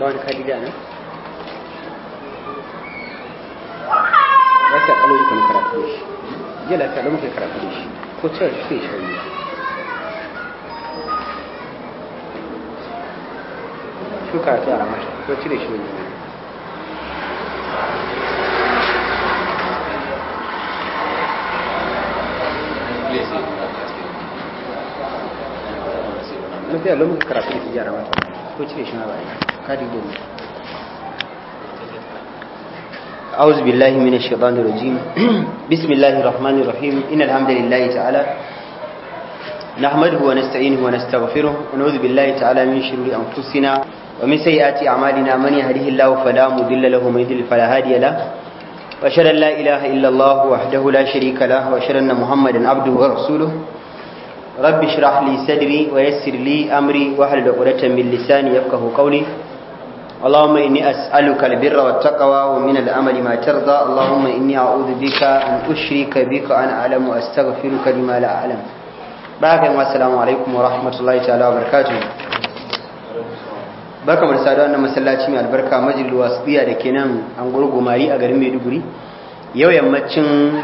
ba wani khadija nan kan karatu da shi karatu da shi ko shi ke shari'a shi karatu a ramashi ko cire shi ne ko cire shi ma ba kadi gobe ta'ala nahmaduhu wa nasta'inuhu wa nastaghfiruhu na'udhu billahi ta'ala min shururi anfusina wa min sayyiati a'malina mani yahdihillahu fala mudilla lahu wa man yudlil fala hadiya lahu wa ashhadu la ilaha illa allah wahdahu la sharika lahu wa ashhadu anna muhammadan abduhu wa rasuluhu rabbi shrah li sadri wa yassir li amri wa hal uqdatan min lisani yafqahu qawli Allahumma inni as'aluka al-birra wat taqwa wa min al-amali ma tarda Allahumma inni a'udhu bika an ushrika bika an a'lamu astaghfiruka lima la a'lam Baraka wa assalamu alaikum wa rahmatullahi ta'ala wa barakatuh Barka mu da saduwa masallaci mai albarka majlis wasiya da kenan an gurgumari a garin Maiduguri yau yammacin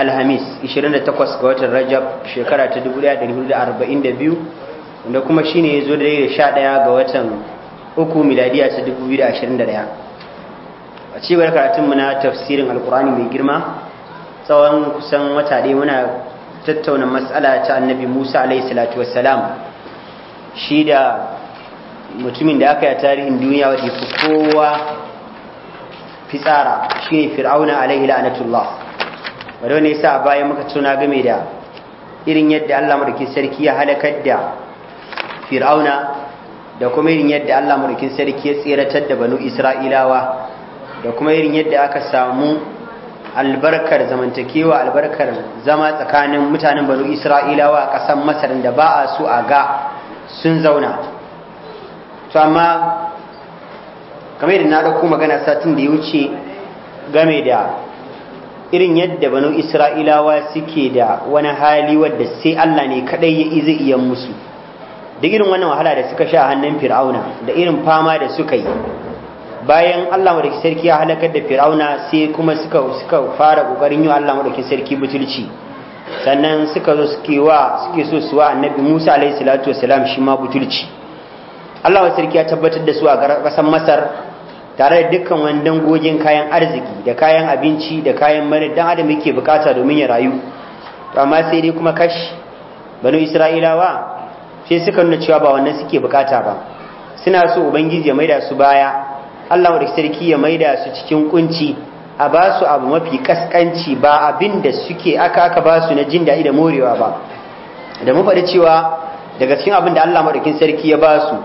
alhamis 28 ga watan rajab shekara ta 1442 wanda kuma shine ya zo da 11 ga watan uku miladiya ta 2021 a cibiyar karatunmu na tafsirin alkurani mai girma tsawon kusan wata ɗaya muna tattauna matsala ta annabi musa alaihi salatu wassalam shi da mutumin da aka yi tarihin duniya wadda kowa fitsara shi ne fir'auna alaihi la'anatullah wadda ne sa bayan muka tuna game da irin yadda Allah madaukin sarki ya halakar da fir'auna da kuma irin yadda Allah madaukin sarki ya tseratar da banu isra'ilawa da kuma irin yadda aka samu albarkar zamantakewa albarkar zama tsakanin mutanen banu isra'ilawa a ƙasar masar da ba a su a ga sun zauna to amma kamar yadda na ɗauko magana satin da ya wuce game da irin yadda banu isra'ilawa suke da wani hali wadda sai Allah ne kadai ya izi iya musu duk irin wannan wahala da suka sha hannun fir'auna da irin fama da suka yi bayan Allah madauki sarki ya halakar da fir'auna sai kuma suka suka fara kokarin yi Allah madauki sarki butulci sannan suka zo suke wa suke so su wa annabi Musa alaihi salatu wasalam shi ma butulci Allah wa sarki ya tabbatar da su a ƙasar Masar tare da dukkan wani dangogin kayan arziki da kayan abinci da kayan mani dan adam yake bukata domin ya rayu amma sai dai kuma kashi banu isra'ilawa sai suka nuna cewa ba wannan suke bukata ba suna so ubangiji ya maida su baya Allah da sarki ya maida su cikin kunci a ba su abu mafi kaskanci ba abin da suke aka aka ba su na jin daɗi da morewa ba da mu faɗi cewa daga cikin abin da Allah maɗaukin sarki ya ba su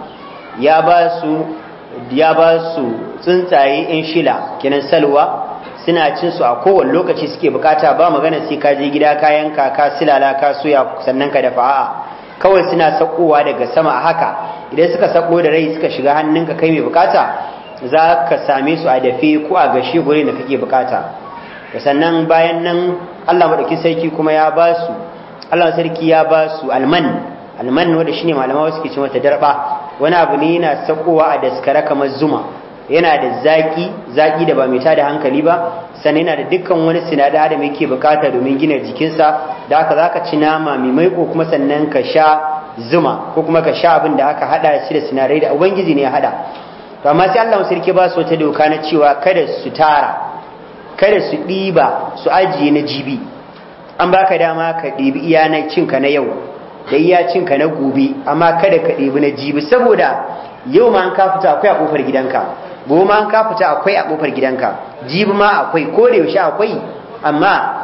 ya ba su ya ba su tsuntsaye in shila kenan salwa suna cin su a kowane lokaci suke bukata ba magana sai ka je gida ka yanka ka silala ka soya sannan ka dafa a'a kawai suna sakowa daga sama a haka idan suka sako da rai suka shiga hannunka kai mai bukata za ka same su a dafe ko a gashi gurin da kake bukata sannan bayan nan Allah madaukin sarki kuma ya ba su Allah sarki ya ba su alman alman wanda shine malama wasu ke ce mata darba wani abu ne yana sakowa a daskara kamar zuma yana da zaki zaki da ba mai tada hankali ba sannan yana da dukkan wani sinada da yake bukata domin gina jikinsa da haka zaka ci nama mai maiko kuma sannan ka sha zuma ko kuma ka sha abin da aka hada shi da sinadarai da ubangiji ne ya hada to amma sai Allah sarki ba su wata doka na cewa kada su tara kada su ɗiba su ajiye na jibi an baka dama ka ɗibi iya na cinka na yau da ka na gobe amma kada ka ɗebi na jibi saboda yau ma an ka fita akwai a ƙofar gidanka gobe ma an ka fita akwai a ƙofar gidanka jibi ma akwai ko da yaushe akwai amma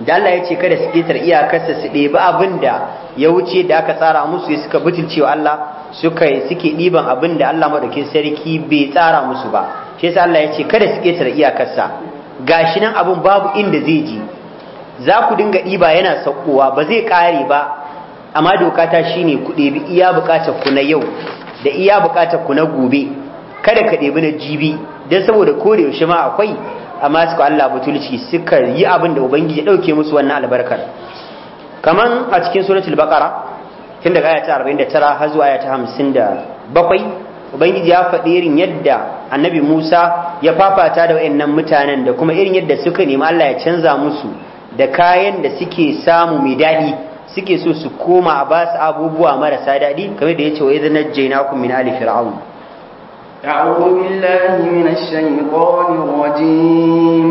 da Allah ya ce kada su ketar iyakarsa su ɗebi abinda ya wuce da aka tsara musu suka butulcewa Allah suka suke ɗiban abin da Allah maɗaukin sarki bai tsara musu ba shi yasa Allah ya ce kada su ketar iyakarsa gashi nan abin babu inda zai ji za ku dinga ɗiba yana saukowa ba zai ƙare ba amma doka dokata shine ku ɗebi iya buƙatar ku na yau da iya buƙatar ku na gobe kada ka ɗebi na jibi don saboda ko da yaushe ma akwai amma suka Allah butulci suka yi abin da ubangiji ya ɗauke musu wannan albarkar kamar a cikin suratul baqara tun daga aya 49 har zuwa 57 ubangiji ya faɗi irin yadda annabi Musa ya fafata da wayannan mutanen da kuma irin yadda suka nemi Allah ya canza musu da kayan da suke samu mai daɗi suke so su koma a basu abubuwa marasa daɗi kamar da ya ce wa idan najjaynakum min ali fir'aun أعوذ بالله من الشيطان الرجيم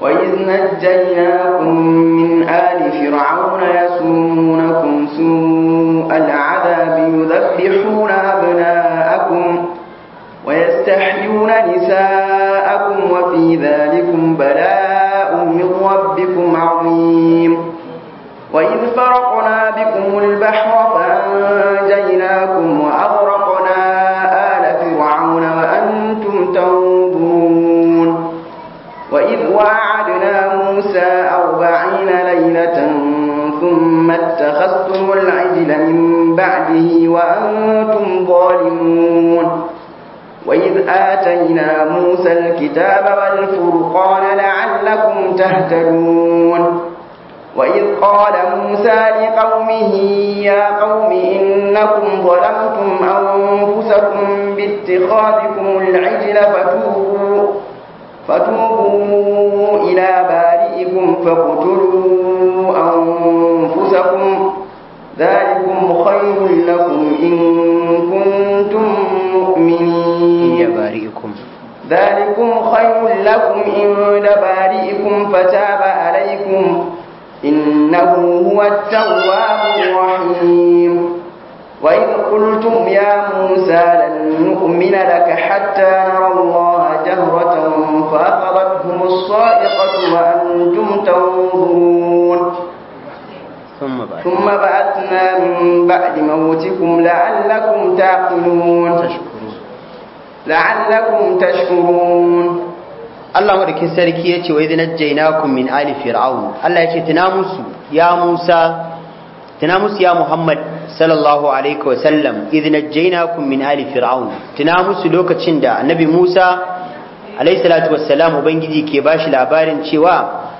وإذ نجيناكم من آل فرعون يسومونكم سوء العذاب يذبحون أبناءكم ويستحيون نساءكم وفي ذلكم بلاء من ربكم عظيم وإذ فرقنا بكم البحر فأنجيناكم وأغرقنا آل فرعون وأنتم تنظرون وإذ وعدنا موسى أربعين ليلة ثم اتخذتم العجل من بعده وأنتم ظالمون وإذ آتينا موسى الكتاب والفرقان لعلكم تهتدون وإذ قال موسى لقومه يا قوم إنكم ظلمتم أنفسكم باتخاذكم العجل فتوبوا, فتوبوا إلى بارئكم فاقتلوا أنفسكم ذلكم خير لكم إن كنتم مؤمنين ذلكم خير لكم إن بارئكم فتاب عليكم إنه هو التواب الرحيم وإذ قلتم يا موسى لن نؤمن لك حتى نرى الله جهرة فأخذتهم الصائقة وأنتم تنظرون ثم بعثنا من بعد موتكم لعلكم تعقلون لعلكم تشكرون Allah madaukin sarki ya ce wa idh najjaynakum min ali fir'aun Allah ya ce tuna musu ya Musa tuna musu ya Muhammad sallallahu alaihi wa sallam idh najjaynakum min ali fir'aun tuna musu lokacin da annabi Musa alaihi salatu wassalam ubangiji ke bashi labarin cewa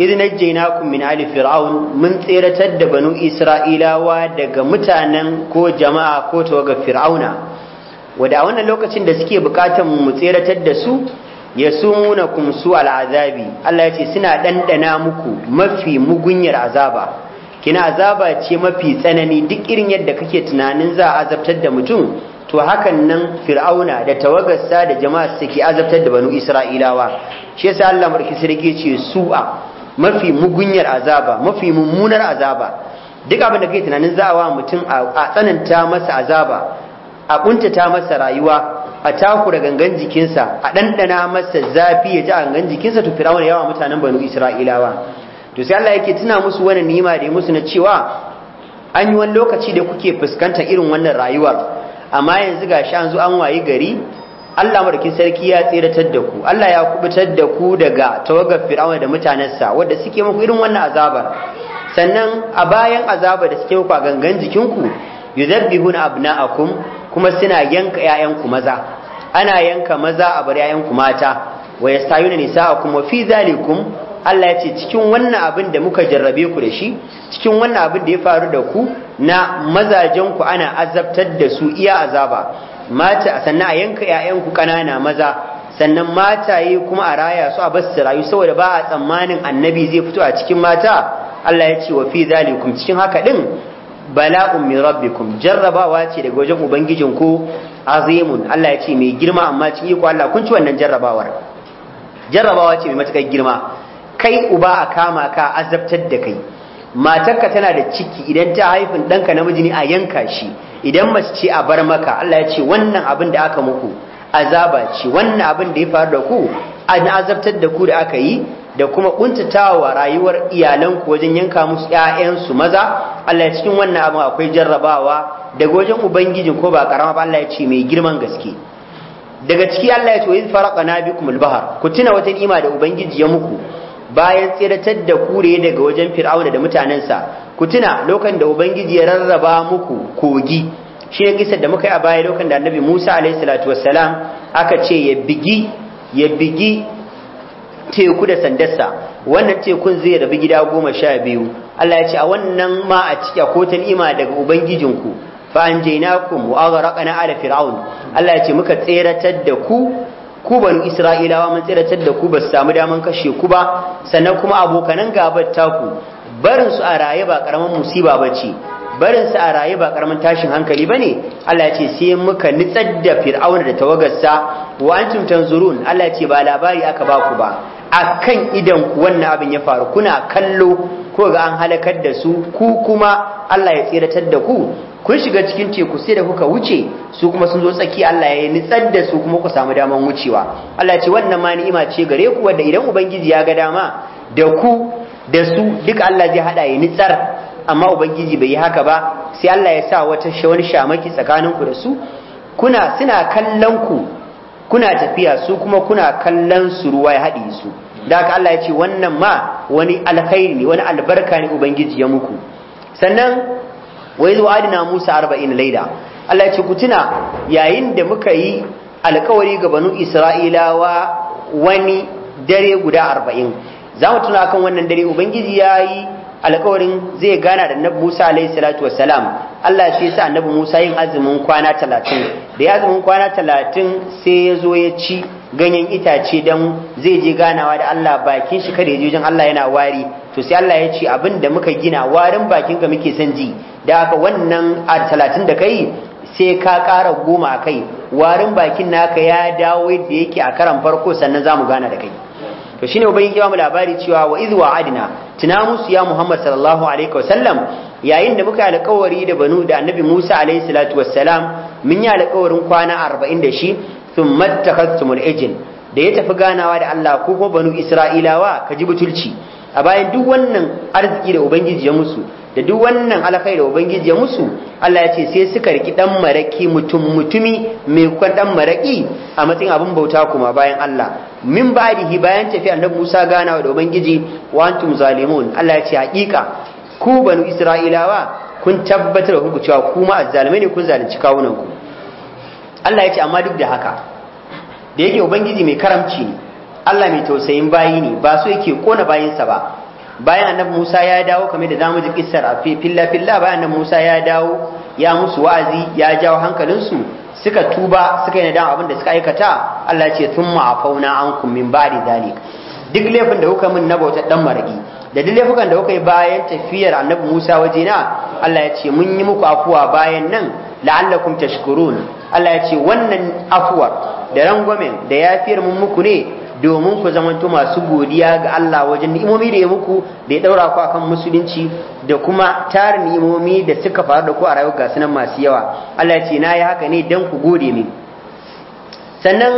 idh najjaynakum min ali fir'aun mun tseratar da banu isra'ilawa daga mutanen ko jama'a ko tawaga fir'auna wada a wannan lokacin da suke bukatan mu tseratar da su yasumunakum su al'azabi Allah yace suna ɗanɗana muku mafi mugunyar azaba kina azaba ce mafi tsanani duk irin yadda kake tunanin za a azabtar da mutum to hakan nan fir'auna da tawagarsa da jama'a suke azabtar da banu isra'ilawa shi yasa Allah marki sarki ce su'a mafi mugunyar azaba mafi mummunar azaba duk abin da kake tunanin za a wa mutum a tsananta masa azaba a kuntata masa rayuwa a takura gangan jikinsa a ɗanɗana masa zafi ya ji a gangan jikinsa to firawun yawa mutanen banu isra'ilawa to sai Allah yake tuna musu wani nima da ya musu na cewa an yi wani lokaci da kuke fuskanta irin wannan rayuwar amma yanzu ga an zo an wayi gari Allah madaukin sarki ya tseratar da ku Allah ya kubutar da ku daga tawagar fir'auna da mutanensa wadda suke muku irin wannan azabar sannan a bayan azabar da suke muku a gangan jikinku yuzabbihuna abna'akum kuma suna yanka 'ya'yanku maza ana yanka maza a bar yayanku mata wa yastayuna nisa'akum wa fi zalikum Allah ya ce cikin wannan abin da muka jarrabe ku da shi cikin wannan abin da ya faru da ku na mazajen ku ana azabtar da su iya azaba mata sannan a yanka 'ya'yan ku kanana maza sannan mataye kuma a raya su a basu rayu saboda ba a tsammanin annabi zai fito a cikin mata Allah ya ce wa fi zalikum cikin haka din bala'un min rabbikum jarrabawa ce daga wajen ubangijin ubangijinku azimun Allah ya ce mai girma amma cikin iko Allah kun ci wannan jarrabawar jarrabawa ce mai matakar girma kai uba a kama ka azabtar da kai matarka tana da ciki idan ta haifin ɗanka namiji ne a yanka shi idan mace ce a bar maka Allah ya ce wannan abin da aka muku azaba ce wannan abin da ya faru da ku an azabtar da ku da aka yi da kuma kuntatawa rayuwar iyalanku wajen yanka musu 'ya'yansu maza Allah ya cikin wannan abin akwai jarrabawa daga wajen ubangiji ko ba karama ba Allah ya ce mai girman gaske daga ciki Allah ya ce wa iz faraqana bikum kuma bahr ku tuna wata ni'ima da ubangiji ya muku bayan tsiratar da kure daga wajen fir'auna da mutanensa ku tuna lokacin da ubangiji ya rarraba muku kogi shi ne kisar da muka yi a baya lokacin da annabi Musa alaihi salatu wassalam aka ce ya bigi ya bigi teku da sandarsa wannan tekun zai rabu gida goma sha biyu Allah ya ce a wannan ma a ciki a ima Ima daga ubangijinku fa anjaynakum wa na ala fir'aun Allah ya ce muka tseratar da ku ku banu isra'ilawa mun tseratar da ku ba su samu daman kashe ku ba sannan kuma abokanan gabar taku barin su a raye ba karaman musiba ce. barin su a raye ba karamin tashin hankali bane Allah ya ce sai muka nitsar da fir'auna da tawagarsa wa antum tanzurun Allah ce ba labari aka ba ku ba akan idan wannan abin ya faru kuna kallo ko ga an halakar da su ku kuma Allah ya tsiratar da ku kun shiga cikin teku sai da kuka wuce su kuma sun zo tsaki Allah ya nitsar da su kuma ku samu daman wucewa Allah ce wannan ma ni'ima ce gare ku wanda idan ubangiji ya ga dama da ku da su duk Allah zai hada ya nitsar amma ubangiji bai yi haka ba sai Allah ya sa wata wani shamaki tsakaninku da su kuna suna kallon ku kuna tafiya su kuma kuna kallon su ruwa ya haɗe su da haka Allah ya ce wannan ma wani alkhairi ne wani albarka ne ubangiji ya muku sannan wa zo adina Musa 40 laida Allah ya ce ku tuna yayin da muka yi alkawari ga banu Isra'ilawa wani dare guda arba'in za mu tuna akan wannan dare ubangiji ya yi alkawarin zai gana da annabi Musa alayhi salatu wassalam Allah shi yasa annabi Musa yin azumin kwana talatin. da ya azumin kwana talatin sai ya zo ya ci ganyen itace dan zai je ganawa da Allah bakin shi kada ya je wajen Allah yana wari to sai Allah ya ce abin da muka gina warin bakin ka muke son ji da haka wannan a 30 da kai sai ka ƙara goma a kai warin bakin naka ya dawo yadda yake a karan farko sannan za mu gana da kai to shine ubangiji ya mu labari cewa wa idh wa'adna tuna musu ya muhammad sallallahu alaihi wasallam yayin da muka alƙawari da banu da annabi musa alaihi salatu wassalam mun yi alƙawarin kwana 40 da shi thumma takhasumul ijl da ya tafi ganawa da Allah ko ko banu isra'ilawa ka ji butulci a bayan duk wannan arziki da ubangiji ya musu da duk wannan alakai da ubangiji ya musu Allah ya ce sai suka riki dan maraki mutum mutumi mai kwan dan maraki a matsayin abin bauta kuma bayan Allah min ba'dihi bayan tafi annabi Musa gana da ubangiji wa antum zalimun Allah ya ce hakika ku banu Isra'ilawa kun tabbatar ku cewa kuma ma azzalimai ne kun zalunci kawunan ku Allah ya ce amma duk da haka da yake ubangiji mai karamci Allah mai tausayin bayi ne ba so yake kona bayinsa ba bayan annabi Musa ya dawo kamar da zamu ji kissar a filla filla bayan annabi Musa ya dawo ya musu wa'azi ya jawo hankalinsu suka tuba suka yi nadan abin da suka aikata Allah ya ce thumma afauna ankum min ba'di dalik duk laifin da kuka min na bautar dan maraki da duk laifukan da kuka yi bayan tafiyar annabi Musa waje na Allah ya ce mun yi muku afuwa bayan nan la'allakum tashkurun Allah ya ce wannan afuwar da rangwamen da yafiyar mun muku ne domin ku zamanto masu godiya ga Allah wajen ni'imomi da ya muku da ya daura ku akan musulunci da kuma tarin ni'imomi da suka faru da ku a rayuwar gasu nan masu yawa Allah ya ce na yi haka ne dan ku gode min sannan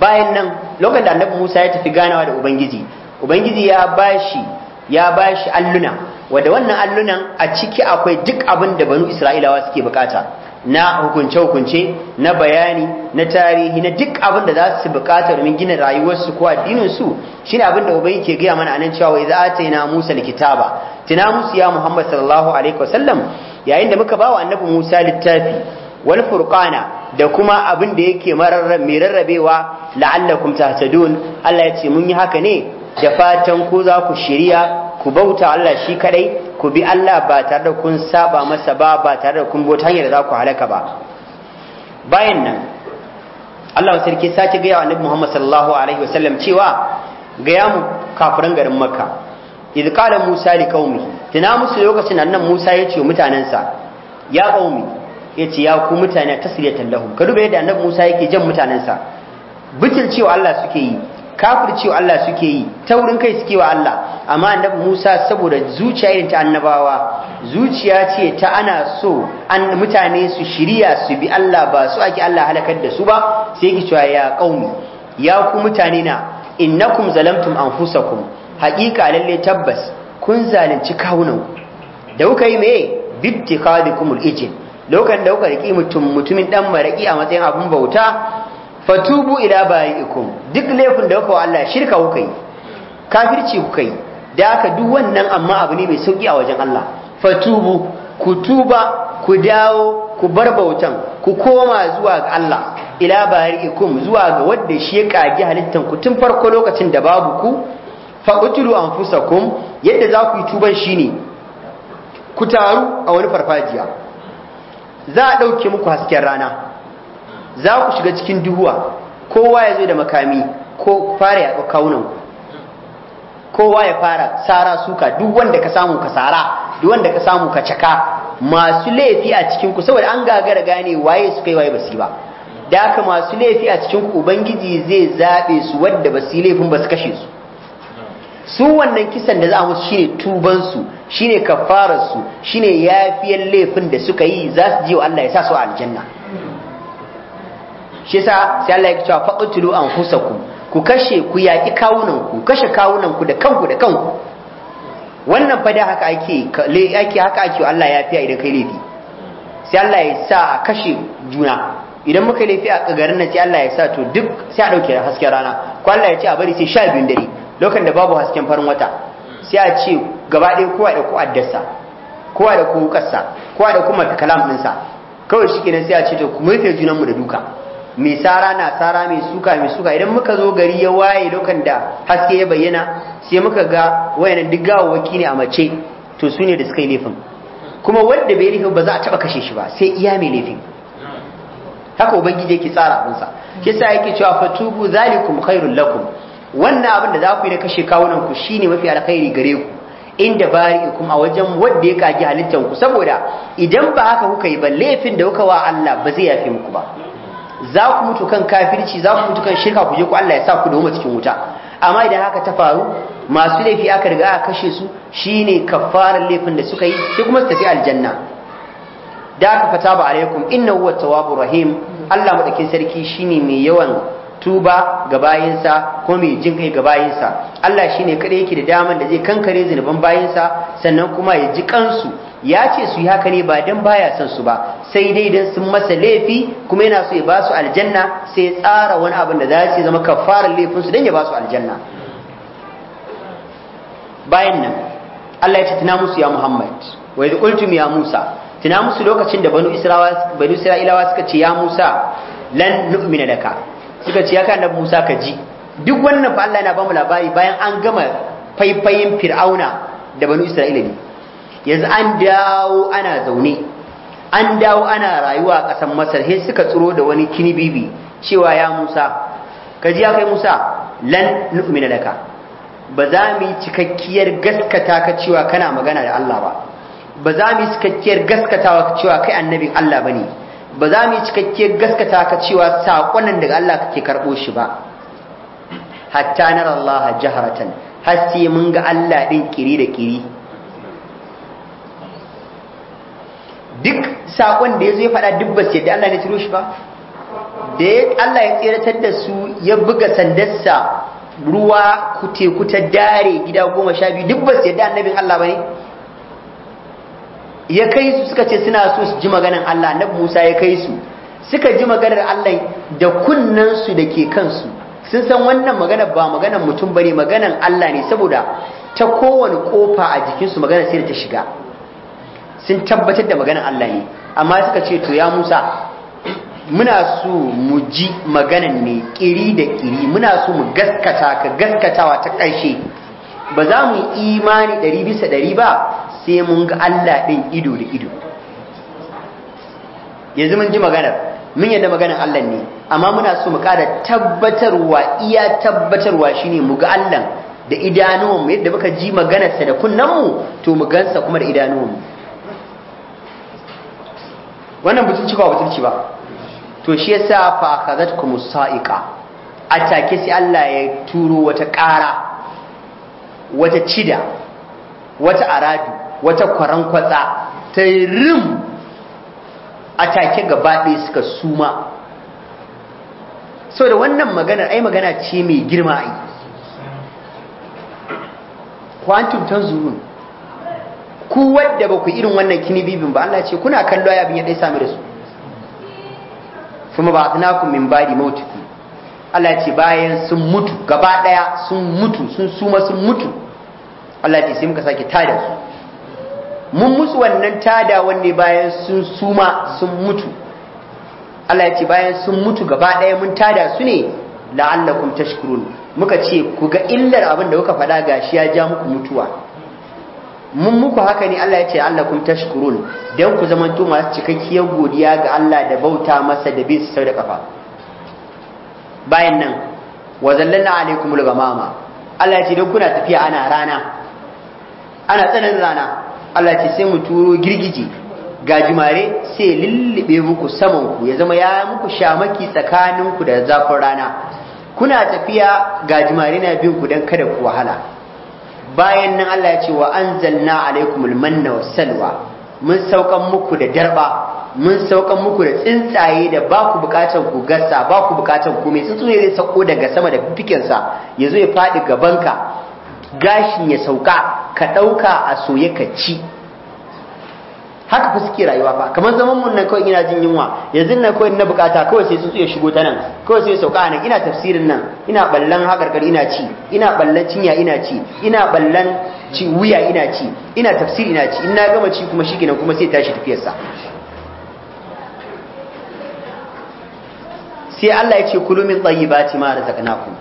bayan nan lokacin da annabi Musa ya tafi ganawa da ubangiji ubangiji ya bashi ya bashi alluna wanda wannan allunan a ciki akwai duk abin da banu isra'ilawa suke bukata na hukunce-hukunce na bayani na tarihi na duk abin da za su bukata domin gina rayuwarsu ko addininsu shine abin da ubai ke gaya mana anan cewa wa idza atayna musa likitaba tina musu ya muhammad sallallahu alaihi wasallam yayin da muka bawa annabi musa littafi wal furqana da kuma abin da yake mai rarrabewa la'allakum tahtadun Allah ya ce mun yi haka ne da fatan ko za ku shirya ku bauta Allah shi kadai ku bi Allah ba tare da kun saba masa ba ba tare da kun bota hanyar da za ku halaka ba bayan nan Allah sarki sake gaya wa Annabi Muhammad sallallahu alaihi wa sallam cewa gaya mu kafiran garin Makka idh qala Musa li qaumi tana musu lokacin annan Musa ya ce mutanansa ya qaumi ya ce ya ku mutane tasriyatan lahum ka duba yadda Annabi Musa yake jan mutanansa. bitil cewa Allah suke yi kafircewa Allah suke yi taurin kai suke wa Allah amma annabi Musa saboda zuciya irin ta annabawa zuciya ce ta ana so an mutane su shirya su bi Allah ba su ake Allah halakar da su ba sai ki cewa ya kaumi ya ku mutane na innakum zalamtum anfusakum haqiqa lalle tabbas kun zalunci kawunan da kuka yi me bittikadikumul ijin lokacin da kuka riki mutum mutumin dan maraki a matsayin abun bauta fatubu ila bayikum duk laifin da kuka wa Allah shirka kuka yi kafirci kuka yi da aka duk wannan amma abu ne mai sauki a wajen Allah fatubu ku tuba ku dawo ku bar bautan ku koma zuwa ga Allah ila bayikum zuwa ga wanda shi ya kage halittan ku tun farko lokacin da babu ku fa utulu anfusakum yadda za ku yi tuban shine ku taru a wani farfajiya za a ɗauke muku hasken rana za ku shiga cikin duhuwa kowa ya zo da makami ko fara ya kaunan kowa ya fara sara suka duk wanda ka samu ka sara duk wanda ka samu ka caka masu laifi a cikin ku saboda an gagara gane waye suka yi waye basu ba da haka masu laifi a cikin ku ubangiji zai zabe su wadda basu laifin ba su kashe su su wannan kisan da za a musu shine tuban su shine kafarar su shine yafiyar laifin da suka yi za su je wa Allah ya sa su a aljanna shi yasa sai Allah ya cewa faqtulu anfusakum ku kashe ku yaki kawunan ku kashe kawunan ku da kanku da kanku wannan fa da haka ake yake haka ake Allah ya fiya idan kai laifi sai Allah ya sa a kashe juna idan muka laifi a garin nan sai Allah ya sa to duk sai a dauke hasken rana ko Allah ya ce a bari sai sha biyun dare lokacin da babu hasken farin wata sai a ce gaba ɗaya kowa da kowa addarsa kowa da kowa wukarsa kowa da kuma kalam ɗinsa kawai shi kenan sai a ce to mu rufe junanmu da duka mai sara na sara mai suka mai suka idan muka zo gari ya waye dokan da haske ya bayyana sai muka ga wayan duk gawawaki ne a mace to su ne da suka yi laifin kuma wanda bai laifin ba za a taba kashe shi ba sai iya mai laifin haka ubangiji yake tsara abinsa shi yasa yake cewa tubu zalikum khairul lakum wannan abin da za ku yi na kashe kawunan ku shine mafi alkhairi gare ku inda kuma a wajen wanda ya kaji halittan ku saboda idan ba haka kuka yi ba laifin da kuka wa Allah ba zai yafe muku ba za ku mutu kan kafirci za ku mutu kan shirka ku je ku Allah ya sa ku doma cikin wuta amma idan haka ta faru masu laifi aka riga aka kashe su shine kafarar laifin da suka yi sai kuma su tafi aljanna da aka fata ba alaikum inna huwa tawwabur rahim Allah madakin sarki shine mai yawan tuba ga bayinsa ko mai jin kai ga bayinsa Allah shine kada yake da daman da zai kankare zinuban bayinsa sannan kuma ya ji kansu ya ce su yi haka ne ba dan baya son su ba sai dai dan sun masa laifi kuma yana so ya ba su aljanna sai tsara wani abin da za su zama kafarar laifin su dan ya ba su aljanna bayan nan Allah ya ce tuna musu ya Muhammad wa idh qultum ya Musa tuna musu lokacin da banu Isra'ilawa banu suka ce ya Musa lan nu'mina laka suka ce ya ka annabi Musa ka ji duk wannan fa Allah yana ba mu labari bayan an gama faifayin Fir'auna da banu Isra'ila ne yanzu an dawo ana zaune an dawo ana rayuwa a ƙasar masar sai suka tsoro da wani kinibibi cewa ya musa ka ji ya musa lan nu'mina laka ba za mu yi cikakkiyar gaskata ka cewa kana magana da Allah ba ba za mu yi cikakkiyar gaskatawa ka cewa kai annabin Allah bane ba za mu yi cikakkiyar gaskata ka cewa saƙonan daga Allah kake karɓo shi ba hatta nara Allah jaharatan har sai mun ga Allah ɗin kiri da kiri duk sakon da ya zo ya faɗa duk ba sai da Allah ne turo shi ba da Allah ya tseratar da su ya buga sandarsa ruwa kute kuta dare gida goma sha biyu duk ba sai da annabin Allah bane ya kai su suka ce suna so su ji maganar Allah annabi Musa ya kai su suka ji maganar Allah da kunnensu da ke kansu sun san wannan maganar ba maganar mutum bane maganar Allah ne saboda ta kowane kofa a jikinsu magana sai da ta shiga sun tabbatar da maganar Allah ne amma suka ce to ya Musa muna so mu ji maganan ne kiri da kiri muna so mu gaskata ka gaskatawa ta ƙarshe ba za mu yi imani ɗari bisa ɗari ba sai mun ga Allah ɗin ido da ido yanzu mun ji maganar mun yadda maganar Allah ne amma muna so mu ƙara tabbatarwa iya tabbatarwa shine mu ga Allah da idanuwanmu yadda muka ji maganarsa da kunnanmu to mu gansa kuma da idanuwanmu wannan butulci ba butulci ba to shi yasa fa akhadhatkum sa'iqa take sai Allah ya turo wata ƙara wata cida wata aradu wata kwarankwatsa ta rim a take gaba ɗaya suka suma da wannan maganar ai magana ce mai girma ai kwantum tanzurun ku wadda ba ku irin wannan bibin ba Allah ce kuna kallo ya bin ya dai sami da su kuma ba atnakum min ba'di mautikum Allah ce bayan sun mutu gaba daya sun mutu sun suma sun mutu Allah ce sai muka sake tada su mun musu wannan tada wanne bayan sun suma sun mutu Allah ya ce bayan sun mutu gaba daya mun tada su ne la'allakum tashkurun muka ce ku ga illar abin da kuka faɗa gashi ya ja muku mutuwa mun muku haka ne Allah ya ce Allah kun tashkurun dan ku zaman to masu cikakkiyar godiya ga Allah da bauta masa da bin sau da kafa bayan nan wa zallalna alaikumul gamama Allah ya ce dan kuna tafiya ana rana ana tsananin rana Allah ya ce sai mu turo girgije gajimare sai lullube muku saman ku ya zama ya muku shamaki tsakanin ku da zafin rana kuna tafiya gajimare na bin ku dan kada ku wahala bayan nan Allah ya ce wa anzalna alaikumul manna was salwa mun saukan muku da darba mun saukan muku da tsuntsaye da ba ku bukatar ku gasa ba ku bukatar ku mai tsuntsu ne zai sauko daga sama da fikinsa ya zo ya faɗi ka gashin ya sauka ka ɗauka a soye ka ci haka fa suke rayuwa fa kamar zaman mun nan kawai ina jin yunwa yanzu nan kawai na bukata kawai sai su ya shigo ta nan kawai sai sauka nan ina tafsirin nan ina ballan hakarkar ina ci ina ballan cinya ina ci ina ballan ci wuya ina ci ina tafsiri ina ci ina gama ci kuma shi kuma sai tashi tafiyar sa sai Allah ya ce kulu min tayyibati ma razaqnakum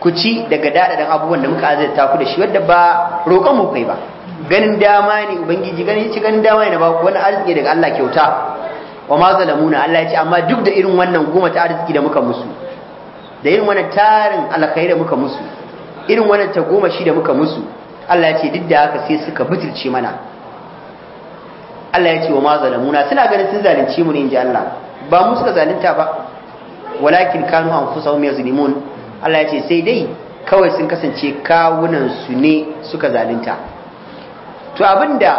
ku ci daga dadadan abubuwan da muka azurta ku da shi wanda ba roƙon mu kai ba ganin dama ne ubangiji ganin ci ganin dama ne na baku wani arziki daga Allah kyauta wa ma zalamuna Allah ya ce amma duk da irin wannan goma ta arziki da muka musu da irin wannan tarin alkhairi da muka musu irin wannan ta goma shi da muka musu Allah ya ce duk da haka sai suka butulce mana Allah ya ce wa ma zalamuna suna ganin sun zalunce mu ne inji Allah ba mu suka zalunta ba walakin kanu anfusahum yazlimun Allah ya ce sai dai kawai sun kasance kawunan su ne suka zalunta to abinda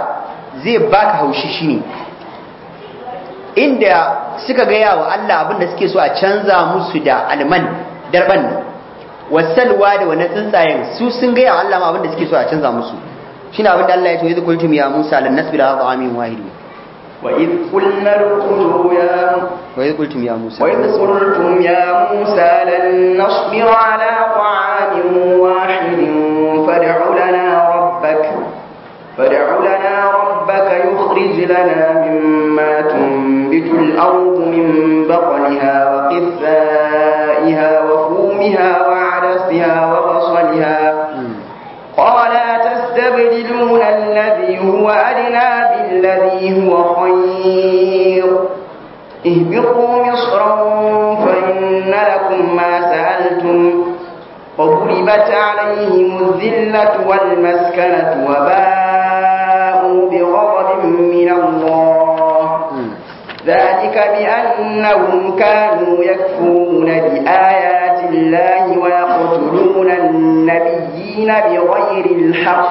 zai baka haushi shine inda suka gaya wa Allah abinda suke so a canza musu da alman darban nan wasalwa da wannan tsuntsayen su sun gaya wa Allah abinda suke so a canza musu shine abinda Allah ya ce yadda kultum ya Musa lan nasbira ala amin wahidin وإذ قلنا اركضوا يا وإذ قلتم يا موسى وإذ قلتم ya موسى لن نصبر على طعام واحد لنا مما تنبت الأرض من بقلها وقثائها وفومها وعدسها وبصلها قال تستبدلون الذي هو أدنى بالذي هو خير اهبطوا مصرا فإن لكم ما سألتم وضربت عليهم الذلة والمسكنة وباءوا بغضب بأنهم كانوا يكفون بآيات الله ويقتلون النبيين بغير الحق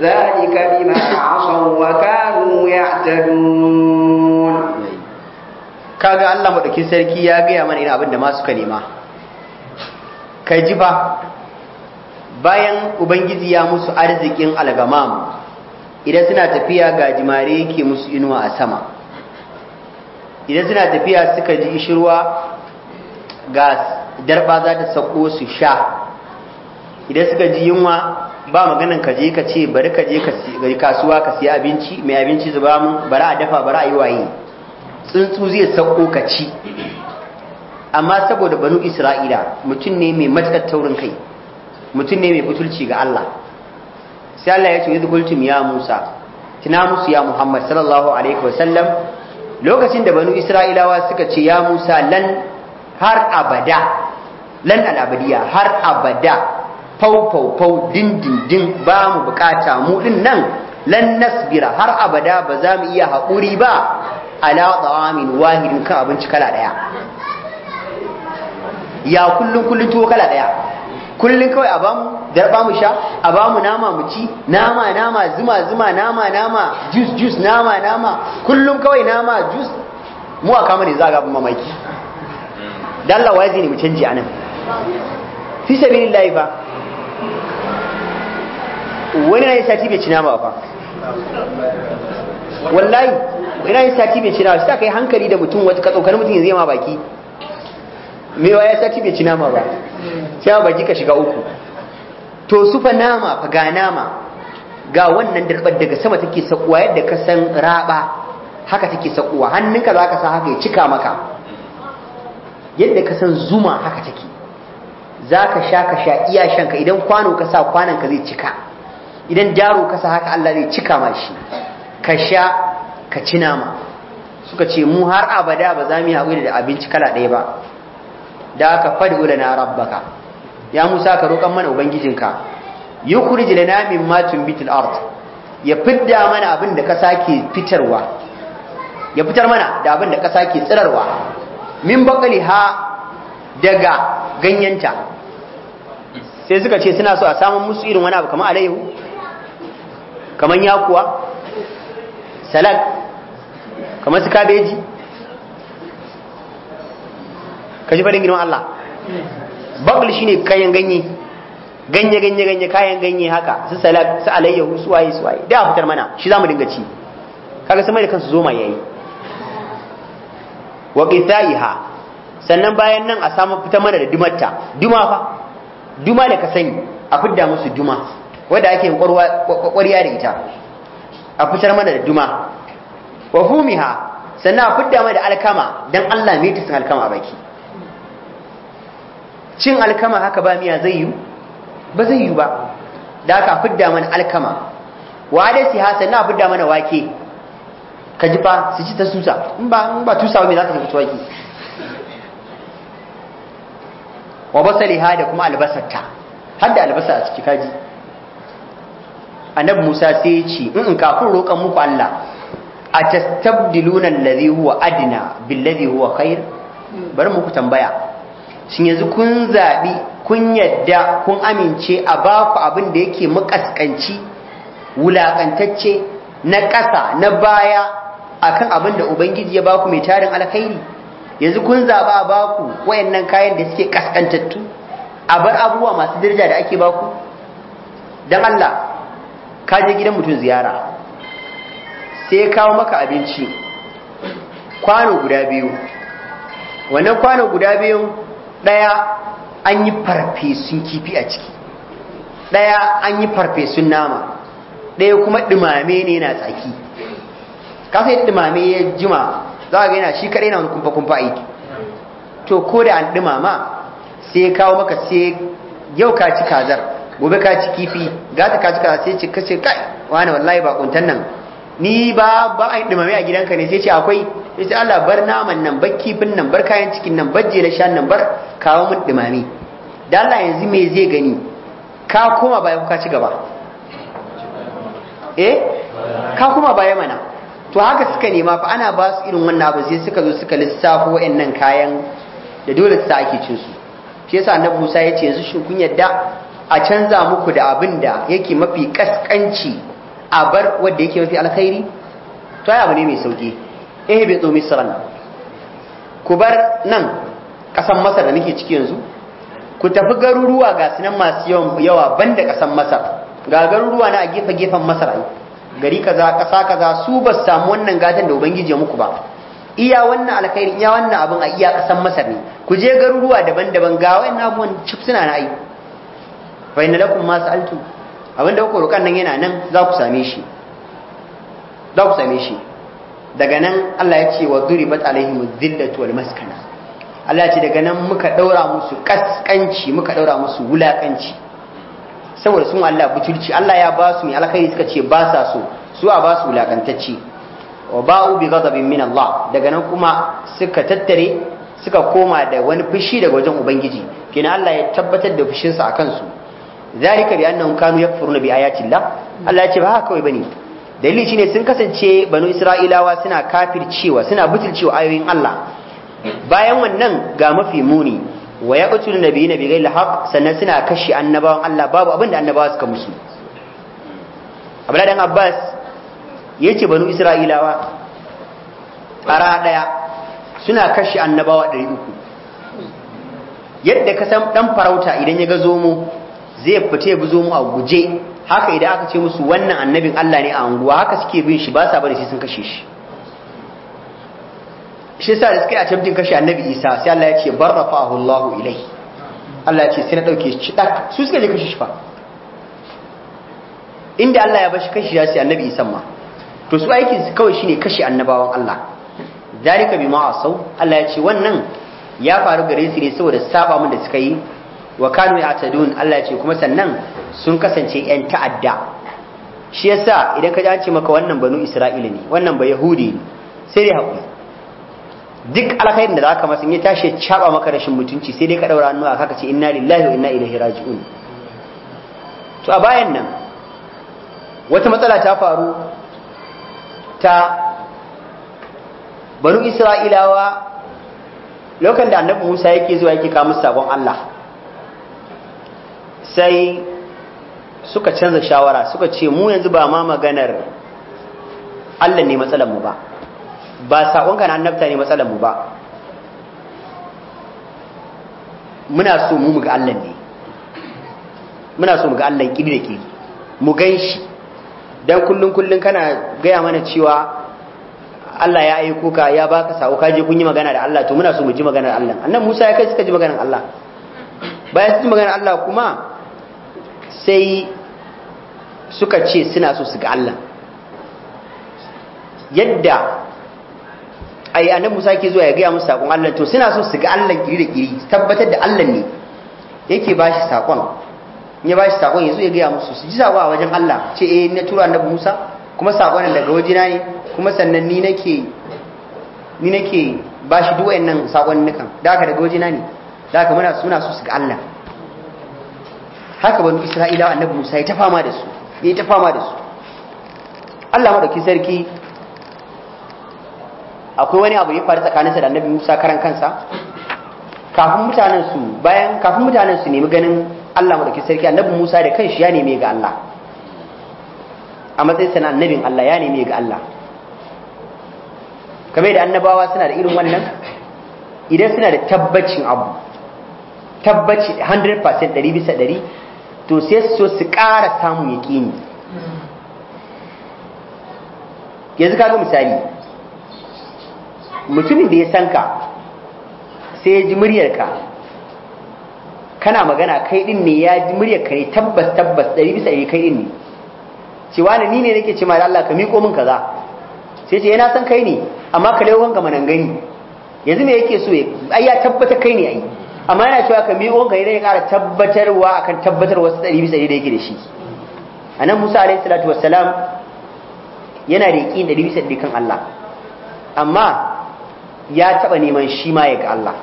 ذلك بما عصوا وكانوا يعتدون كاغا Allah madaukin sarki ya gaya mana irin abin da ma suka nema ka ji ba bayan ubangiji ya musu arzikin algamam idan suna tafiya ga jimare yake musu inuwa a sama idan suna tafiya suka ji ishirwa ga darba za ta sako su sha idan suka ji yunwa ba maganin ka je ka ce bari ka je kasuwa ka siya abinci mai abinci zuba mu bari a dafa bari a yi waye tsuntsu zai sako ka ci amma saboda banu isra'ila mutum ne mai matsar taurin kai mutum ne mai butulci ga Allah sai Allah ya ce yadda kultum ya Musa tina musu ya Muhammad sallallahu alaihi wasallam lokacin da banu isra'ilawa suka ce ya musa lan har abada lan al'abadiya har abada fau fau fau din din din ba mu bukata mu din nan lan nasbira har abada ba za mu iya haƙuri ba ala ta'amin wahidin kan abinci kala ɗaya. ya kullun kullun tuwo kala ɗaya. kullum kawai a bamu da bamu sha a bamu nama mu ci nama nama zuma zuma nama nama juice juice nama nama kullum kawai nama juice mu a kama ne za ga mamaki dalla wazi ne mu canji anan fi sabilillahi fa wani na yi sati bai ci nama ba wallahi wani na yi sati bai ci nama shi ta kai hankali da mutum wata ka tsokar mutum ya zai ma baki mewa ya sa bai ci nama ba sai ba baki ka shiga uku to sufa nama fa ga nama ga wannan dirbar daga sama take sakuwa yadda ka san raba haka take sakuwa hannunka za ka sa haka ya cika maka yadda ka san zuma haka take za ka sha ka sha iya shanka idan kwano ka sa kwanan ka zai cika idan daro ka sa haka Allah zai cika ma shi ka sha ka ci nama suka ce mu har abada ba za mu yi haƙuri da abinci kala ɗaya ba da aka fadu na rabbaka ya Musa ka roƙan mana ubangijinka yukhrij lana matin tunbitul ard ya fidda mana abin da ka sake fitarwa ya fitar mana da abin da ƙasa ke tsirarwa min ha daga ganyenta sai suka ce suna so a samun musu irin wani abu kamar alayyahu kamar yakuwa salak kamar su kabeji ka ji faɗin girman Allah shi shine kayan ganye ganye ganye ganye kayan ganye haka su salat su alayyahu su waye su waye da fitar mana shi zamu dinga ci kaga sai mai da kansu zoma yayi wa qithaiha sannan bayan nan a samu fitar mana da dumarta duma fa duma da ka sani a fidda musu duma wanda ake ƙwarya da ita a fitar mana da duma wa fumiha sannan a fidda mana da alkama dan Allah mai tisin alkama a baki cin alkama haka ba miya zai yi ba zai yi ba da aka fidda mana alkama wa da si hasa na fidda mana wake ka ji fa su ci ta susa in ba in ba tusa ba me za ka ci wake wa basaliha da kuma albasarta har da albasa a ciki kaji annabi Musa sai ya ce in kafin roƙan muku Allah a tastabdiluna alladhi huwa adna billadhi huwa khair bari muku tambaya shin yanzu kun zaɓi kun yadda kun amince a ba ku abin da yake makaskanci wulaƙantacce na ƙasa na baya akan abin da ubangiji ya ba ku mai tarin alkhairi yanzu kun zaɓa a ba ku wayannan kayan da suke ƙasƙantattu a bar abubuwa masu daraja da ake ba ku don Allah ka gidan mutum ziyara sai ya kawo maka abinci kwano guda biyu wannan kwano guda biyun ɗaya an yi farfesun kifi a ciki ɗaya an yi farfesun nama ɗaya kuma ɗimame ne na tsaki kasa yi dumame ya jima za a yana shi kaɗai na wani kumfa-kumfa aiki to ko da an dumama sai ya kawo maka sai yau ka ci kazar gobe ka ci kifi gata ka ci kazar sai ci kace kai wani wallahi ba nan ni ba ba a dumame a gidanka ne sai ce akwai sai Allah bar naman nan bar kifin nan bar kayan cikin nan bar jela shan nan bar kawo mun dumame da Allah yanzu me zai gani ka koma baya ka ci gaba eh ka koma baya mana to haka suka nema fa ana ba su irin wannan abu sai suka zo suka lissafo wayannan kayan da dole su ake cin su shi yasa annabi Musa ya ce yanzu shi kun yadda a canza muku da abin da yake mafi kaskanci a bar wanda yake mafi alkhairi to ya bane mai sauki eh bai tso misran ku bar nan kasan masar da nake ciki yanzu ku tafi garuruwa ga sunan masu yawa banda kasan masar ga garuruwa na a gefe gefen masar ai gari kaza kasa kaza su ba su samu wannan gatan da ubangiji ya muku ba iya wannan alkhairi iya wannan abin a iya kasan masar ne ku je garuruwa daban-daban ga wayannan abubuwan cip suna na ai fa inna lakum ma sa'altu abinda kuka roƙan nan yana nan za ku same shi za ku same shi daga nan Allah ya ce wa duribat alaihim dhillatu wal maskana Allah ya ce daga nan muka daura musu kaskanci muka daura musu wulakanci saboda sun Allah butulci Allah ya ba su mai alkhairi suka ce ba sa so su a ba su wulakantacce wa ba'u bi ghadabin min Allah daga nan kuma suka tattare suka koma da wani fushi daga wajen ubangiji kina Allah ya tabbatar da fushinsa akan su zalika bi annahum kanu yakfuruna bi ayati Allah Allah ya ce ba haka kawai bane dalili shine sun kasance banu Isra'ilawa suna cewa, suna cewa ayoyin Allah bayan wannan ga mafi muni wa ya yaqtulu nabiyina bi ghairi haqq sannan suna kashe annabawan Allah babu abinda da annabawa suka musu Abdullahi dan Abbas yace banu Isra'ilawa tsara daya suna kashe annabawa 300 yadda ka san dan farauta idan ya ga zomo zai fita ya buzo mu a guje haka idan aka ce musu wannan annabin Allah ne a anguwa haka suke bin shi ba sa bari sai sun kashe shi shi sa da suka yi attempting kashe annabi Isa sai Allah ya ce barrafahu Allah ilai Allah ya ce sai na dauke shi dak su suka je kashe shi fa inda Allah ya bashi kashe shi sai annabi Isa ma to su aikin su kawai shine kashe annabawan Allah zalika bima asau Allah ya ce wannan ya faru gare su ne saboda saba mun da suka yi wa kanu ya'tadun Allah ya ce kuma sannan sun kasance yan ta'adda shi yasa idan ka ji an ce maka wannan banu Isra'ila ne wannan ba Yahudi ne sai dai haƙuri duk alkhairin da zaka masa in ya tashi caba maka rashin mutunci sai dai ka daura hannu aka ce inna lillahi wa inna ilaihi raji'un to a bayan nan wata matsala ta faru ta banu Isra'ilawa lokacin da Annabi Musa yake zuwa yake kawo musu sabon Allah sai suka canza shawara suka ce mu yanzu ba ma maganar Allah ne matsalar mu ba ba saƙonka na annabta ne matsalar mu ba muna so mu muga Allah ne muna so muga Allah kidi da kidi mu gan shi dan kullun kullun kana gaya mana cewa Allah ya aiko ka ya baka sako ka je kun yi magana da Allah to muna so mu ji maganar Allah annan Musa ya kai suka ji maganar Allah bayan su ji maganar Allah kuma sai suka ce suna so su ga Allah yadda ai annabi Musa yake zuwa ya gaya musu sakon Allah to suna so su ga Allah kiri da kiri tabbatar da Allah ne yake ba shi sakon ya ba shi sakon yanzu ya gaya musu su ji saƙon a wajen Allah ce eh na tura annabi Musa kuma sakon daga wajena ne kuma sannan ni nake ni nake ba shi duk wayannan sakonnukan da aka daga wajena ne da aka muna suna so su ga Allah haka banu isra'ilawa annabi musa ya ta fama da su ya ta fama da su Allah madaukin sarki akwai wani abu ya faru tsakaninsa da annabi musa karan kansa kafin mutanen su bayan kafin mutanen su nemi ganin Allah madaukin sarki annabi musa da kanshi ya neme ga Allah a matsayin sana annabin Allah ya neme ga Allah kamar da annabawa suna da irin wannan idan suna da tabbacin abu tabbaci 100% bisa 100 to sai su su ƙara samun yaƙini yanzu kaga misali mutumin da ya san ka sai ya ji muryarka kana magana kai din ne ya ji muryarka ne tabbas tabbas ɗari bisa ɗari kai din ne cewa ni ne nake ce ma da Allah ka miƙo min kaza sai ce yana eh, san kai ne amma ka lewo kanka manan yanzu me yake so ai ya tabbata kai ne ai amma yana cewa ka miƙo ka idan ya ƙara tabbatarwa akan tabbatar wasu ɗari bisa ɗari da yake da shi a nan musa alaihi salatu wassalam yana da yaƙin ɗari bisa ɗari kan allah amma ya taɓa neman shi ma ya ga allah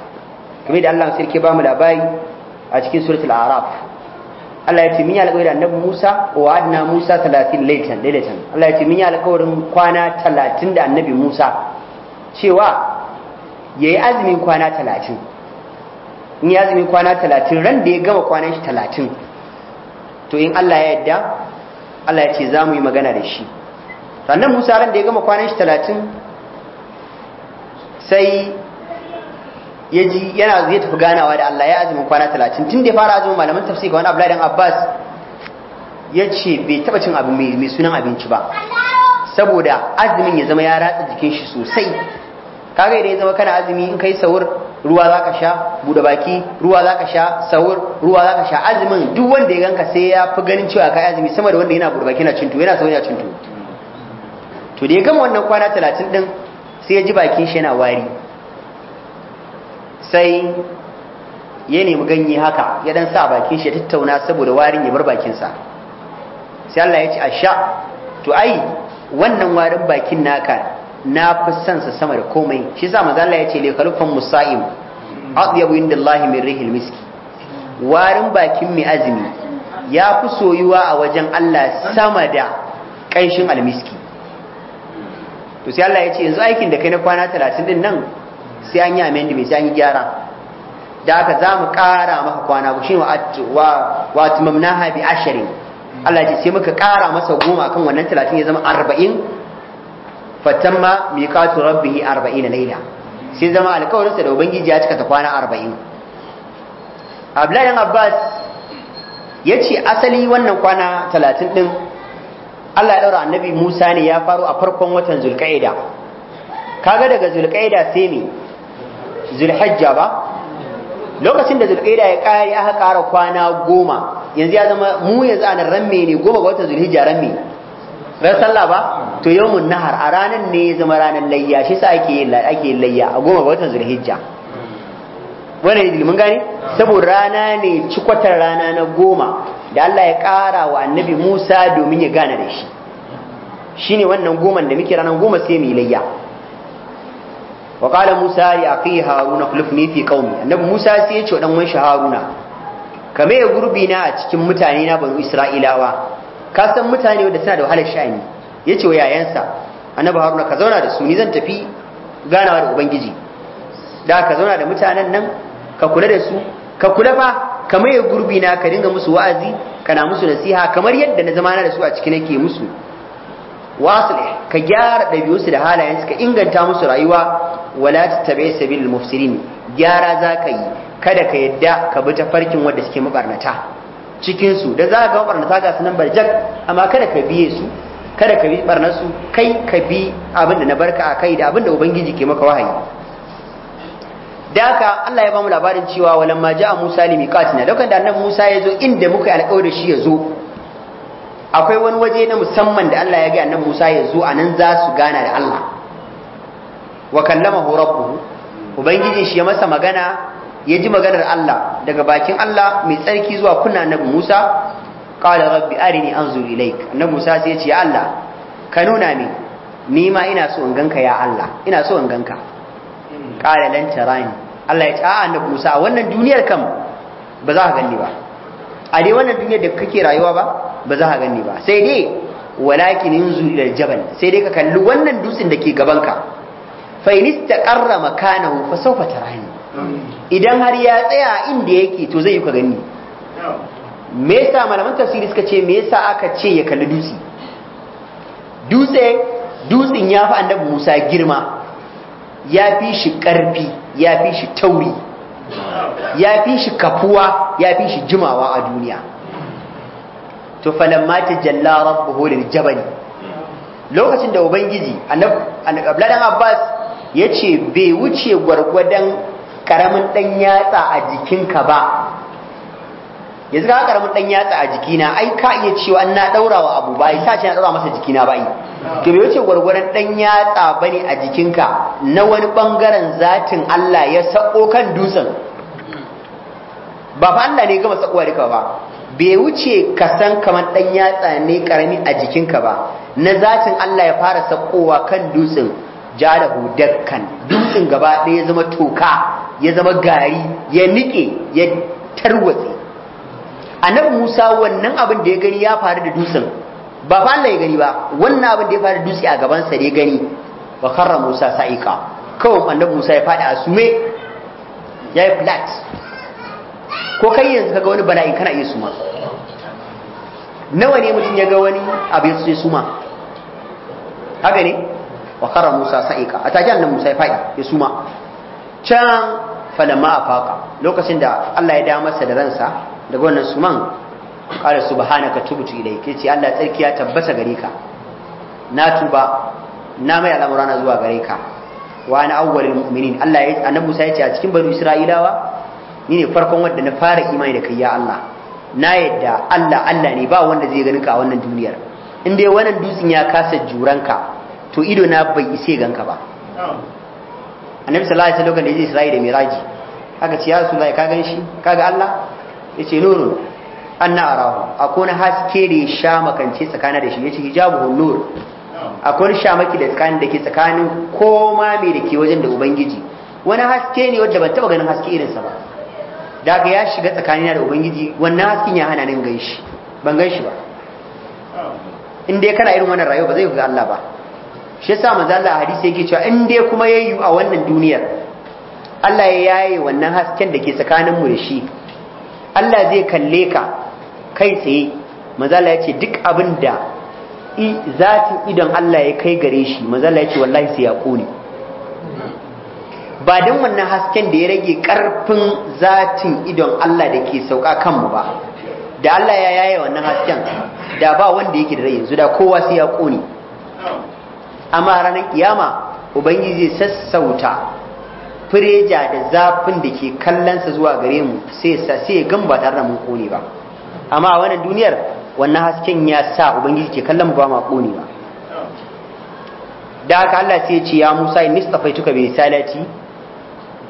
kamar da allah sarki ba mu labari a cikin suratul araf Allah ya ce min ya alƙawari da annabi Musa wa adna Musa 30 laitan lailatan Allah ya ce min ya alƙawarin kwana 30 da annabi Musa cewa yayi azumin kwana 30 in ya zumi kwana talatin ran da ya gama kwanan shi talatin to in Allah ya yadda Allah ya ce za mu yi magana da shi sannan Musa ran da ya gama kwanan shi talatin sai ya ji yana zai tafi ganawa da Allah ya azumin kwana talatin tun da ya fara azumin malaman tafsir ga wani abu dan Abbas ya ce bai taba cin abu mai sunan abinci ba saboda azumin ya zama ya ratsa jikin shi sosai kaga idan ya zama kana azumi in kai sahur ruwa zaka sha bude baki ruwa zaka sha sawur ruwa zaka sha azumin duk wanda ya ganka sai ya fi ganin cewa kai azumi sama da wanda yana bude baki yana cinto yana sahur yana cinto to da ya gama wannan kwana 30 din sai ya ji bakin shi yana wari sai ya nemi ganye haka ya dan sa bakin shi ya tattauna saboda warin ya bar bakin sa sai Allah ya ce a sha to ai wannan warin bakin naka na fi son sa sama da komai shi sa manzo Allah ya ce lekalufan musa'im atyabu indallahi min rihil miski warin bakin mai azumi ya fi soyuwa a wajen Allah sama da kanshin almiski to sai Allah ya ce yanzu aikin da kai na kwana 30 din nan sai an yi amendment sai an yi gyara da aka za mu ƙara maka kwana ku shi wa tumamnaha bi ashirin Allah ya ce sai muka ƙara masa goma kan wannan talatin ya zama arba'in fatamma miqatu rabbihi 40 laila sai zama alƙawarinsa da ubangiji ya cika ta kwana 40 Abdullahi Abbas ya ce asali wannan kwana 30 din Allah ya daura annabi Musa ne ya faru a farkon watan Zulqa'ida kaga daga Zulqa'ida sai me Zulhajja ba lokacin da Zulqa'ida ya kare aka kara kwana goma yanzu ya zama mu yanzu anan ramme ne goma ga watan Zulhijja ramme ran sallah ba to yawmun nahar a ranan ne zama ranan layya shi sa ake yin ake layya a goma watan zulhijja wannan mun gane saboda rana ne cikwatar rana na goma da Allah ya kara wa annabi Musa domin ya gane da shi shine wannan goman da muke ranar goma sai mu layya wa qala Musa ya akhi Haruna khulfni fi qaumi annabi Musa sai ya ce dan wani Haruna kame ya gurbi na a cikin mutane na banu Isra'ilawa ka san mutane wanda suna da wahalar sha'ani yace wa yayansa annabi haruna ka zauna da su ni zan tafi ganawa da ubangiji da ka zauna da mutanen nan ka kula da su ka kula fa ka maye gurbi na ka dinga musu wa'azi kana musu nasiha kamar yadda na zama na da su a ciki nake musu wasilih ka gyara ɗabi'unsu da halayen ka inganta musu rayuwa wala tattabi sabilul mufsirin gyara za ka yi kada ka yadda ka bi ta farkin wanda suke mabarnata cikin su da za ga barna ta ga sunan jak amma kada ka biye su kada ka bi barnar su kai ka bi abin da na barka a kai da abin da ubangiji ke maka wahayi daka Allah ya ba mu labarin cewa walan ma ja'a Musa li miqatina lokacin da annabi Musa ya zo inda muka yi alƙawari shi ya zo akwai wani waje na musamman da Allah ya ga annabi Musa ya zo anan za su gana da Allah wa kallamahu rabbuhu ubangiji shi ya masa magana ya ji maganar Allah daga bakin Allah mai tsarki zuwa kunna na Musa qala rabbi arini zuri laik na Musa sai ya ce ya Allah ka nuna min ni ma ina so in ganka ya Allah ina so in ganka qala lan tarani Allah ya ce a'a annabi Musa a wannan duniyar kam ba za ka ganni ba a dai wannan duniyar da kake rayuwa ba ba za ka ganni ba sai dai walakin zuri da jabal sai dai ka kalli wannan dutsen da ke gabanka fa in istaqarra makanahu fa sawfa tarani idan har ya tsaya inda yake to zai yi ka gani me yasa malaman tafsiri suka ce me yasa aka ce ya kalli dutse dutse dutsen ya fi annabi Musa girma ya fi shi ƙarfi ya fi shi tauri ya fi shi kafuwa ya fi shi jimawa a duniya to falamma ta jalla rabbuhu lil jabal lokacin da ubangiji annabi Abbas ya ce bai wuce gwargwadon karamin dan yatsa a jikinka ba yanzu ka karamin dan yatsa a jikina ai ka iya cewa na daura wa abu ba ai ce na daura masa jikina ba ai to bai wuce dan yatsa bane a jikinka na wani bangaren zatin Allah ya sako kan dutsen ba fa Allah ne gama sakuwa duka ba bai wuce ka san kamar dan yatsa ne karami a jikinka ba na zatin Allah ya fara sakowa kan dutsen jalahu dakkan dutsen gaba ɗaya ya zama toka ya zama gari ya nike ya tarwatsi. annabi Musa wannan abin da ya gani ya faru da dutsen ba fa Allah ya gani ba wannan abin da ya faru da dutse a gaban sa da ya gani wa karra Musa sa'ika kawai annabi Musa ya faɗi a sume ya yi flat ko kai yanzu kaga wani bala'i kana iya suma nawa ne mutum ya ga wani abin sai suma haka ne wa khara Musa a atake annabi Musa ya fadi ya suma can a faƙa lokacin da Allah ya da masa da ransa daga wannan suman qala subhanaka tubtu ke ce Allah tsarki ya tabbata gare ka na tuba na mai na zuwa gare ka wa ana awwalul mu'minin Allah ya annabi Musa ya ce a cikin baru Isra'ilawa ni ne farkon wanda na fara imani da kai ya Allah na yadda Allah Allah ne ba wanda zai ganin ka a wannan duniyar in dai wannan dutsen ya kasa juranka to ido na bai ise ganka ba annabi sallallahu alaihi wasallam da yaji Isra'i da Miraji Haka ce ya Rasulullahi ka ganshi kaga Allah yace nurun anna arahu akwai haske da ya sha makance tsakanin da shi yace hijabu nur akwai maki da tsakanin da ke tsakanin koma mai da ke wajen da ubangiji wani haske ne wadda ban taba ganin haske irin sa ba daga ya shiga tsakanina da ubangiji wannan hasken ya hana nan gan shi ban gan shi ba in dai kana irin wannan rayuwa ba zai ga Allah ba shi yasa manzo Allah hadisi yake cewa in dai kuma yayyu a wannan duniyar Allah ya yaye wannan hasken da ke tsakanin mu da shi Allah zai kalle ka kai tsaye manzo Allah ya ce duk abin da i zatin idan Allah ya kai gare shi manzo Allah ya ce wallahi sai ya kone ba dan wannan hasken da ya rage karfin zatin idon Allah da ke sauka kanmu ba da Allah ya yaye wannan hasken da ba wanda yake da rai yanzu da kowa sai ya kone amma ranar kiyama ubangiji zai sassauta fireja da zafin da ke kallonsa zuwa gare mu sai sa sai gan ba tare da mun kone ba amma a wannan duniyar wannan hasken ya sa ubangiji ke kallon mu ba ma kone ba da haka Allah sai ya ce ya Musa in nistafaituka bi risalati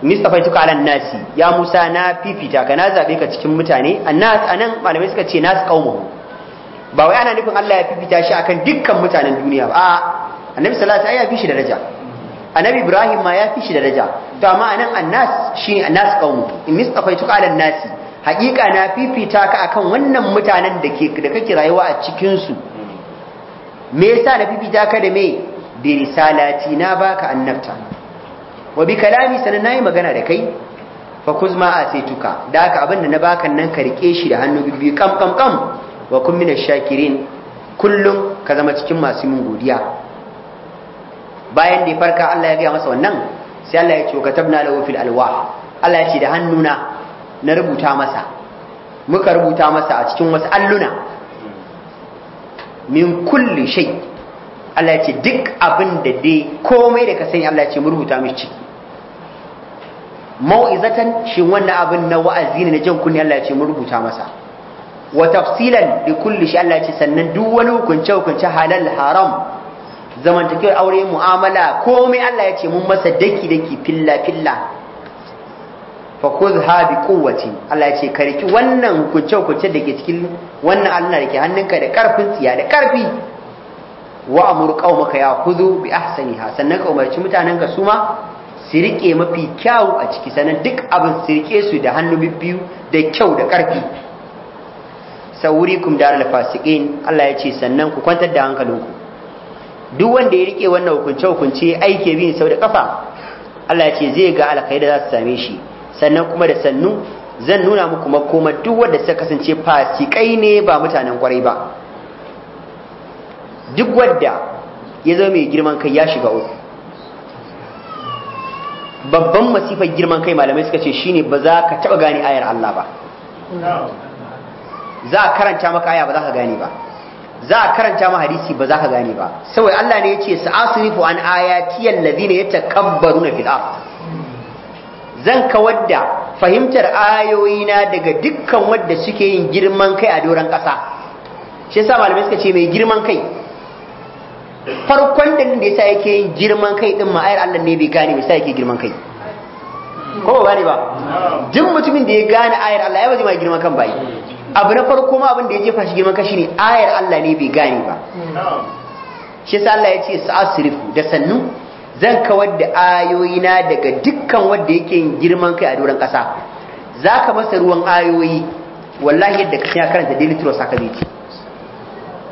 nistafaituka alan nasi ya Musa na fifita ka na zabe ka cikin mutane annas anan malamai suka ce nasu qaumuhu ba wai ana nufin Allah ya fifita shi akan dukkan mutanen duniya ba a'a annabi salatu ya fi shi daraja annabi ibrahim ma ya fi shi daraja to amma anan annas shine annas qaumu in mistafaituka ala nasi haƙiƙa na fifita ka akan wannan mutanen da ke da kake rayuwa a cikin su me yasa na fifita ka da me bi risalati na baka annabta wa bi kalami sanan nayi magana da kai fa kuzma asaituka da haka abin da na baka nan ka rike shi da hannu bibbi kam kam kam wa kun minash shakirin kullum ka zama cikin masu min godiya bayan da ya farka Allah ya gaya masa wannan sai Allah ya ce katabna lahu fil alwah Allah ya ce da hannuna na rubuta masa muka rubuta masa a cikin wasu alluna min kulli shay Allah ya ce duk abin da dai komai da ka sani Allah ya ce mu rubuta mishi ciki mau'izatan shin wannan abin na wa'azi ne na jan kunni Allah ya ce mu rubuta masa wa tafsilan li kulli shay Allah ya ce sannan duk wani hukunce hukunce halal haram zamantakewar aure mu'amala komai Allah ya ce mun masa daki daki filla filla fa ha bi quwwati Allah ya ce ka riki wannan hukunce hukunce da ke cikin wannan Allah da ke hannunka da karfin tsiya da karfi wa amur qaumaka ya khudhu bi ahsaniha sannan ka umarci mutanenka su ma su rike mafi kyau a ciki sannan duk abin su rike su da hannu biyu da kyau da karfi saurikum al fasiqin Allah ya ce sannan ku kwantar da hankalinku duk wanda ya rike wannan hukunce hukunce aike bin sau da kafa Allah ya ce zai ga alkai da za su same shi sannan kuma da sannu zan nuna muku makoma duk wanda suka kasance fasikai ne ba mutanen kwarai ba duk wanda ya zo mai girman kai ya shiga uku babban masifar girman kai malamai suka ce shine ba za ka taba gane ayar Allah ba za a karanta maka aya ba za ka gane ba za a karanta ma hadisi ba za ka gane ba saboda Allah ne yace asrifu an ayati allazina yatakabbaruna fil ard zan kawar da fahimtar ayoyina daga dukkan wanda suke yin girman kai a doron ƙasa shi yasa malamai suka ce mai girman kai farkon dalilin da yasa yake yin girman kai din ma'ayar Allah ne bai gane sa yake girman kai ko ba ne ba duk mutumin da ya gane ayar Allah ya zai mai girman kan bai abu na farko ma abin da ya jefa shi girman kashi ne ayar Allah ne bai gane ba shi sa Allah ya ce su asirifu da sannu zan kawar da ayoyina daga dukkan wanda yake yin girman kai a doron kasa Za ka masa ruwan ayoyi wallahi yadda ka ya karanta daily trust haka zai ce,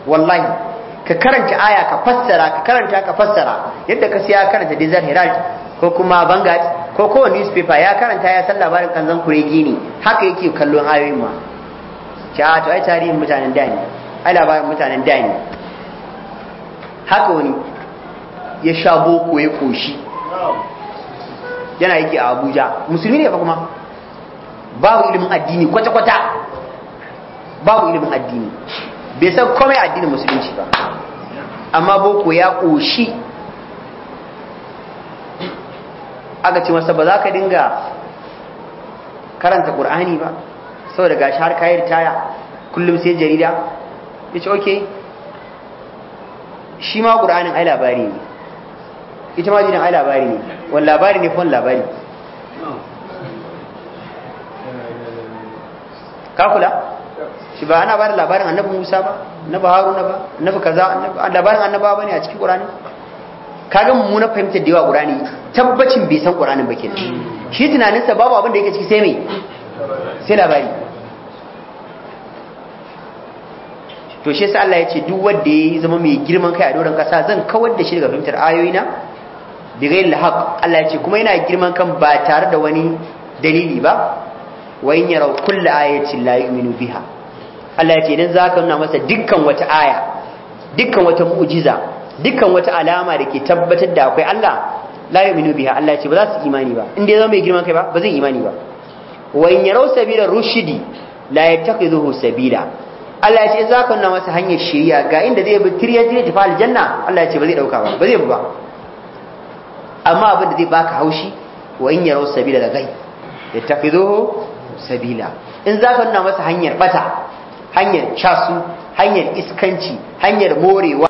wallahi ka karanta aya ka fassara ka karanta ka fassara yadda ka siya karanta desert herald ko kuma vanguard ko kowane newspaper ya karanta ya san labarin kanzan kuregi ne haka yake kallon ayoyin ma ta ah, to ai tarihin mutanen da ne ai labarin mutanen da ne haka wani ya sha boko ya koshi yana yake a abuja musulmi ne fa kuma babu ilimin addini kwata-kwata babu ilimin addini bai san komai addinin musulunci ba amma boko ya koshi aka ce masa ba za ka dinga karanta ƙur'ani ba saboda ga har kayi ritaya kullum sai jarida ya ce ok shi ma ƙur'anin ai labari ne ita ma jidan ai labari ne wani labari ne fon labari kakula shi ba ana bada labarin annabin musa ba Annabin haruna ba Annabin kaza labarin annaba ba ne a cikin ƙur'ani kagan mu na da yawa ƙur'ani tabbacin bai san ƙur'anin ba kenan shi tunaninsa babu abin da yake ciki sai mai sai labari to shi yasa Allah ya ce duk wanda yayi zama mai girman kai a doron kasa zan kawar da shi daga fahimtar ayoyina bi ghayril haqq Allah ya ce kuma yana girman kan ba tare da wani dalili ba wa in yaraw kullu ayatin la yu'minu biha Allah ya ce idan zaka nuna masa dukkan wata aya dukkan wata mu'jiza dukkan wata alama da ke tabbatar da akwai Allah la yu'minu biha Allah ya ce ba za su imani ba in dai zama mai girman kai ba ba zai imani ba wa in yaraw sabila rushdi la yattakhidhuhu sabila Allah ya ce za ka nuna masa hanyar shiriya ga inda zai bi tiriyar tiriyar tafi aljanna Allah ya ce ba zai dauka ba ba zai bi ba amma abin da zai baka haushi wa in yaro sabila da gai yattakhidhuhu sabila in za ka nuna masa hanyar bata hanyar casu hanyar iskanci hanyar morewa